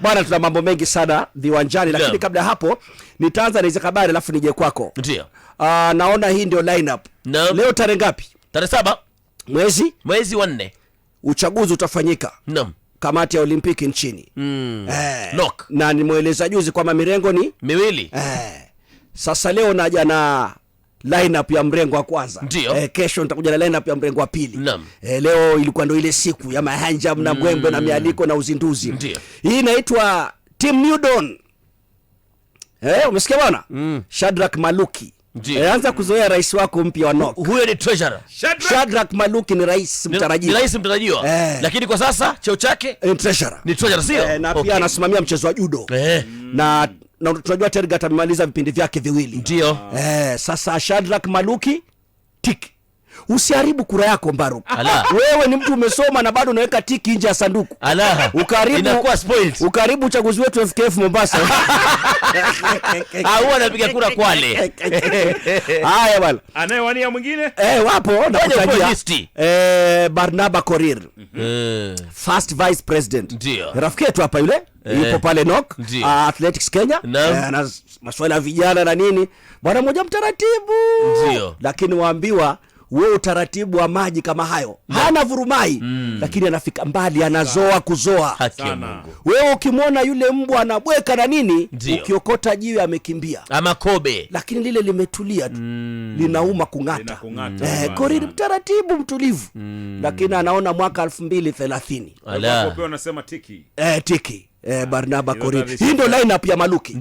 Bwana, tuna mambo mengi sana viwanjani, lakini kabla ya hapo nitaanza na hizo habari alafu nije kwako. Ndio. Ah, naona hii ndio lineup. Leo tarehe ngapi? Tarehe saba mwezi mwezi wa nne uchaguzi utafanyika. no Kamati ya Olimpiki nchini mm. Eh, na nimweleza juzi kwamba mirengo ni miwili eh. Sasa leo naja na lineup ya mrengo wa kwanza eh, kesho nitakuja na lineup ya mrengo wa pili eh, leo ilikuwa ndio ile siku ya mahanja na gwembe mm. na mialiko na uzinduzi. Ndiyo. Hii inaitwa Team New Dawn eh, umesikia bwana mm. Shadrack Maluki E, anza kuzoea rais wako mpya wa NOCK. Huyo ni treasurer. Shadrack Shadrack Maluki ni rais mtarajiwa. Ni rais mtarajiwa. E. Lakini kwa sasa cheo chake eh, ni treasurer. Ni treasurer sio? E, na pia anasimamia okay. mchezo wa judo. E. Na na tunajua Tergat amemaliza vipindi vyake viwili. Ndio. Eh, sasa shadrak Maluki tik Usiharibu kura yako Mbaro. Wewe ni mtu umesoma na bado unaweka tiki nje ya sanduku. Ukaribu uchaguzi wetu FKF Mombasa. Au anapiga kura Kwale. Haya bwana. Anayewania mwingine? Eh, wapo na kutajia. Eh, Barnaba Korir. Eh. First Vice President. Rafiki yetu hapa yule. Eh. Yupo pale NOK ah, Athletics Kenya. Eh, ana maswala ya vijana na nini. Bwana mmoja mtaratibu. Lakini waambiwa we utaratibu wa maji kama hayo yeah. hana vurumai mm. lakini anafika mbali anazoa kuzoa. Wewe ukimwona yule mbwa anabweka na nini, ukiokota jiwe amekimbia amakobe lakini lile limetulia tu mm. linauma kung'ata eh, kori mm. mtaratibu mtulivu mm. lakini anaona mwaka elfu mbili thelathini tiki, eh, tiki. Eh, ah, Barnaba hii ndo lineup ya Maluki.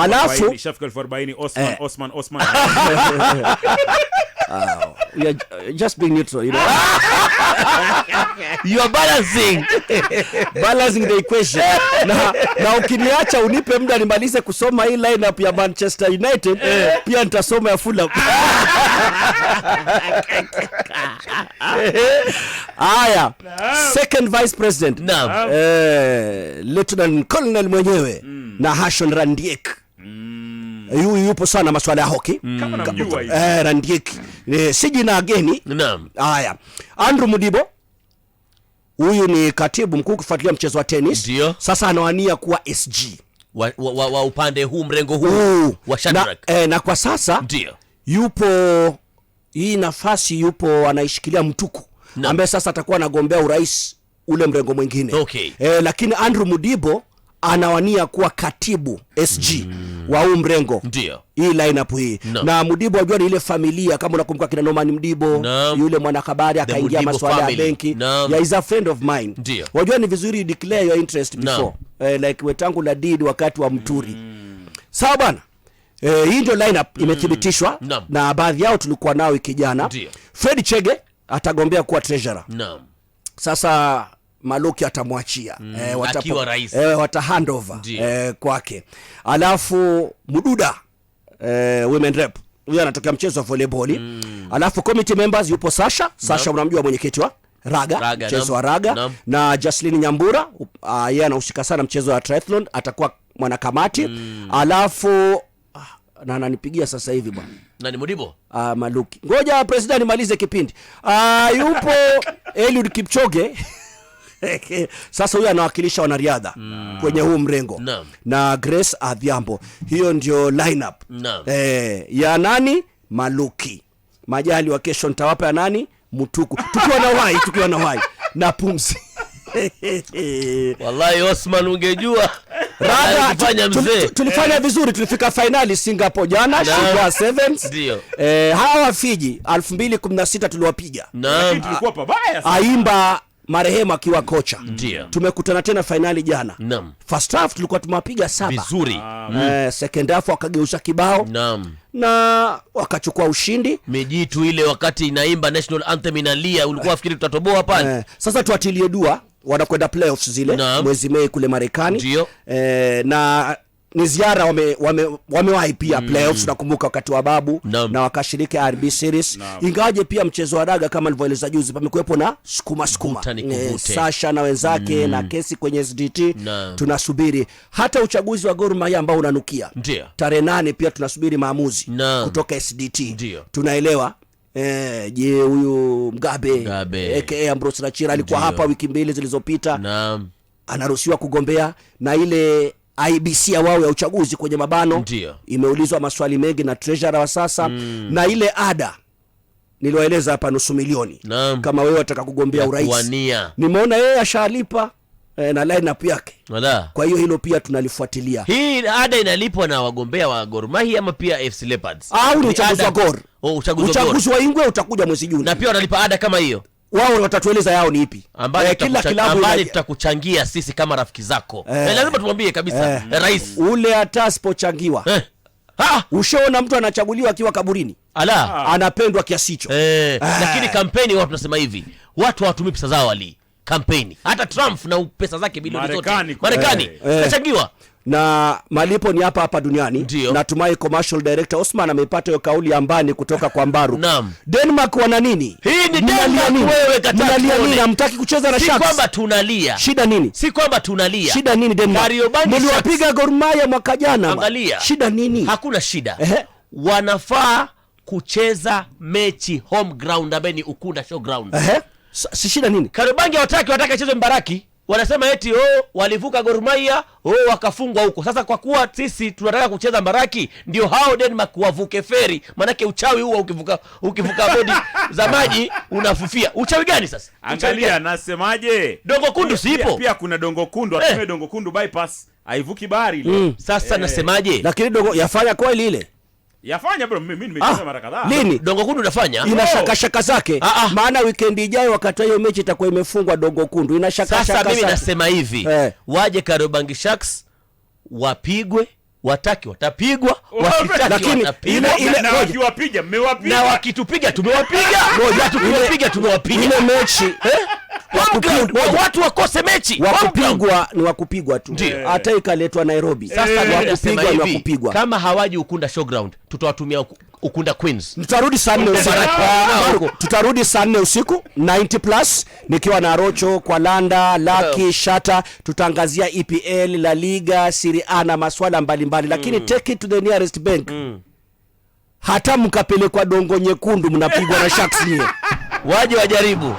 Alafu Uh, uh, just being neutral, you know. balancing balancing the equation. Na, na ukiniacha unipe muda nimalize kusoma hii lineup ya Manchester United pia nitasoma ya Fulham. Haya, second vice president eh, Lieutenant Colonel mwenyewe mm. na Hashon Randiek mm. yupo sana maswala ya hoki mm. Eh, Randiek mm ni eh, si ageni. Naam. Haya, andr Mudibo huyu ni katibu mkuu, ukifuatilia mchezo wa tenis. Sasa anawania kuwa SG wa, wa, wa, wa upande huu mrengo huu wa na, e, na kwa sasa Dio. yupo hii nafasi yupo anaishikilia Mtuku ambaye sasa atakuwa anagombea urais ule mrengo mwingine okay. E, lakini Andrew Mudibo anawania kuwa katibu SG mm. wa huu mrengo ndio hii lineup hii no. na Mudibo ajua ni ile familia, kama unakumbuka kina noman Mdibo no. yule mwanahabari akaingia maswala ya benki no. yeah, is a friend of mine ndio wajua, ni vizuri declare your interest before no. eh, like wetangu la did wakati wa Mturi mm. sawa bwana eh, hii ndio lineup mm. imethibitishwa no. na baadhi yao tulikuwa nao wiki jana. Fred Chege atagombea kuwa treasurer no. sasa maloki atamwachia mm, e, watapo, e, wata handover e, eh, kwake. Alafu mududa e, women rep huyo anatokea mchezo wa volleyball mm. Alafu committee members yupo Sasha Sasha, no. unamjua mwenyekiti wa raga, raga mchezo wa raga no. na Jaslin Nyambura uh, yeye anahusika sana mchezo wa triathlon, atakuwa mwanakamati mm. Alafu ah, na ananipigia sasa hivi bwana nani Mudibo ah, Maluki, ngoja president malize kipindi ah, yupo Eliud Kipchoge Sasa huyu anawakilisha wanariadha mm. kwenye huu mrengo no. na Grace Adhiambo, hiyo ndio lineup no. eh, ya nani Maluki Majali wa kesho ntawapa ya nani mutuku tukiwa na wai tukiwa na wai na pumzi Wallahi Osman, ungejua Rada, tulifanya eh. vizuri, tulifika fainali Singapore jana Shujaa Sevens. Eh, hawa Fiji 2016 tuliwapiga. Aimba marehemu akiwa kocha tumekutana tena fainali jana. First half tulikuwa tumewapiga saba vizuri. Ah, mm. Eh, second half wakageusha kibao. Nam. Na wakachukua ushindi. Mijitu ile wakati inaimba national anthem inalia, ulikuwa fikiri tutatoboa pale. Eh, sasa tuatilie dua, wanakwenda playoffs zile mwezi Mei kule Marekani. Eh, na ni ziara wamewahi wame, wame pia mm. nakumbuka wakati wa babu no. na wakashiriki RB series ingawaje pia mchezo wa daga kama alivyoeleza juzi, pamekuwepo na sukumasukuma eh, Sasha na wenzake mm. na kesi kwenye SDT no. tunasubiri hata uchaguzi wa Gor ambao unanukia tarehe nane, pia tunasubiri maamuzi no. kutoka SDT Ndia. tunaelewa Eh, je, huyu Mgabe aka alikuwa hapa wiki mbili zilizopita, anaruhusiwa kugombea na ile IBC ya wao ya uchaguzi kwenye mabano Ndiyo. Imeulizwa maswali mengi na treasurer wa sasa mm. na ile ada niliwaeleza hapa nusu milioni Naam. Kama wewe wataka kugombea urais, nimeona yeye ashalipa e, na lineup yake. Kwa hiyo hilo pia tunalifuatilia. Hii ada inalipwa na wagombea wa Gor Mahia ama pia FC Leopards au oh, uchaguzi wa Gor? Uchaguzi wa Ingwe utakuja mwezi Juni, na pia wanalipa ada kama hiyo wao watatueleza yao ni ipi, ambayo eh, tutakuchangia sisi kama rafiki zako. Eh. Eh, lazima tumwambie kabisa rais ule, hata asipochangiwa ushaona mtu anachaguliwa akiwa kaburini, ala, anapendwa kiasi hicho. Lakini kampeni watu nasema hivi, watu hawatumii pesa zao ali kampeni. Hata Trump na pesa zake bilioni zote Marekani kachangiwa na malipo ni hapa hapa duniani. Ndiyo. Natumai commercial director Osman ameipata hiyo kauli ya mbani kutoka kwa Mbaru. Naam. Denmark wana nini? Hii ni Denmark wewe kata. Mnalia nini? Hamtaki kucheza na Sharks. Si kwamba tunalia. Shida nini? Si kwamba tunalia. Shida nini Denmark? Mliwapiga Gor Mahia mwaka jana. Angalia. Shida nini? Hakuna shida. Ehe. Wanafaa kucheza mechi home ground ambaye ni Ukunda show ground. Ehe. Si shida nini? Kariobangi hawataki, wataka ichezwe Mbaraki wanasema eti oh, walivuka gormaia oh, wakafungwa huko. Sasa kwa kuwa sisi tunataka kucheza Mbaraki, ndio hao Denmark wavuke feri, maanake uchawi huo ukivuka, ukivuka bodi za maji unafufia. Uchawi gani sasa? Angalia nasemaje, dongo kundu siipo pia, kuna dongo kundu eh, dongo kundu bypass haivuki bahari mm. Sasa eh, nasemaje, lakini dongo yafanya kweli ile Yafanya bro, mimi nimecheza ah, mara kadhaa. Nini? Dongo Kundu nafanya. Ina oh. shaka shaka zake. Ah, ah. Maana weekend ijayo wakati hiyo mechi itakuwa imefungwa Dongo Kundu. Ina shaka shaka. Sasa mimi nasema hivi. Eh. Waje Karobangi Sharks wapigwe wataki watapigwa, wakitaki lakini ile ile na wakiwapiga mmewapiga, na wakitupiga tumewapiga, moja tukiwapiga tumewapiga ile mechi eh? watu wakose mechi, wakupigwa ni wakupigwa tu, hata ikaletwa Nairobi. Sasa ni wakupigwa ni wakupigwa. Kama hawaji Ukunda Showground, tutawatumia Ukunda Queens. Tutarudi saa nne usiku, tutarudi saa nne usiku 90 plus, nikiwa na Rocho kwa Landa Laki Shata, tutaangazia EPL, La Liga, Serie A na maswala mbalimbali, lakini mm. take it to the nearest bank mm. hata mkapelekwa dongo nyekundu mnapigwa na sharks nyie, waje wajaribu.